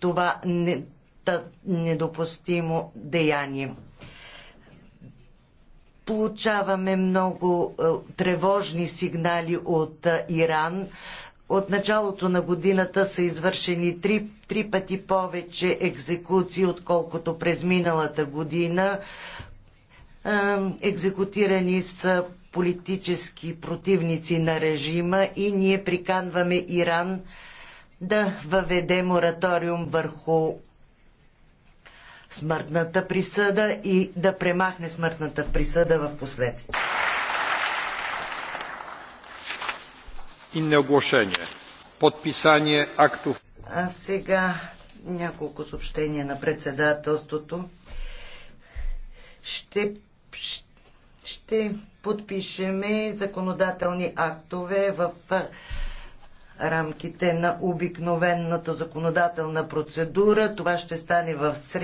това недопустимо деяние. Получаваме много е, тревожни сигнали от е, Иран. От началото на годината са извършени три, три пъти повече екзекуции, отколкото през миналата година. Е, екзекутирани са политически противници на режима и ние приканваме Иран да въведе мораториум върху смъртната присъда и да премахне смъртната присъда в последствие. Inne ogłoszenie. Подписание актов. А сега няколко съобщения на председателството. Ще, ще подпишеме законодателни актове в рамките на обикновената законодателна процедура. Това ще стане в сряда.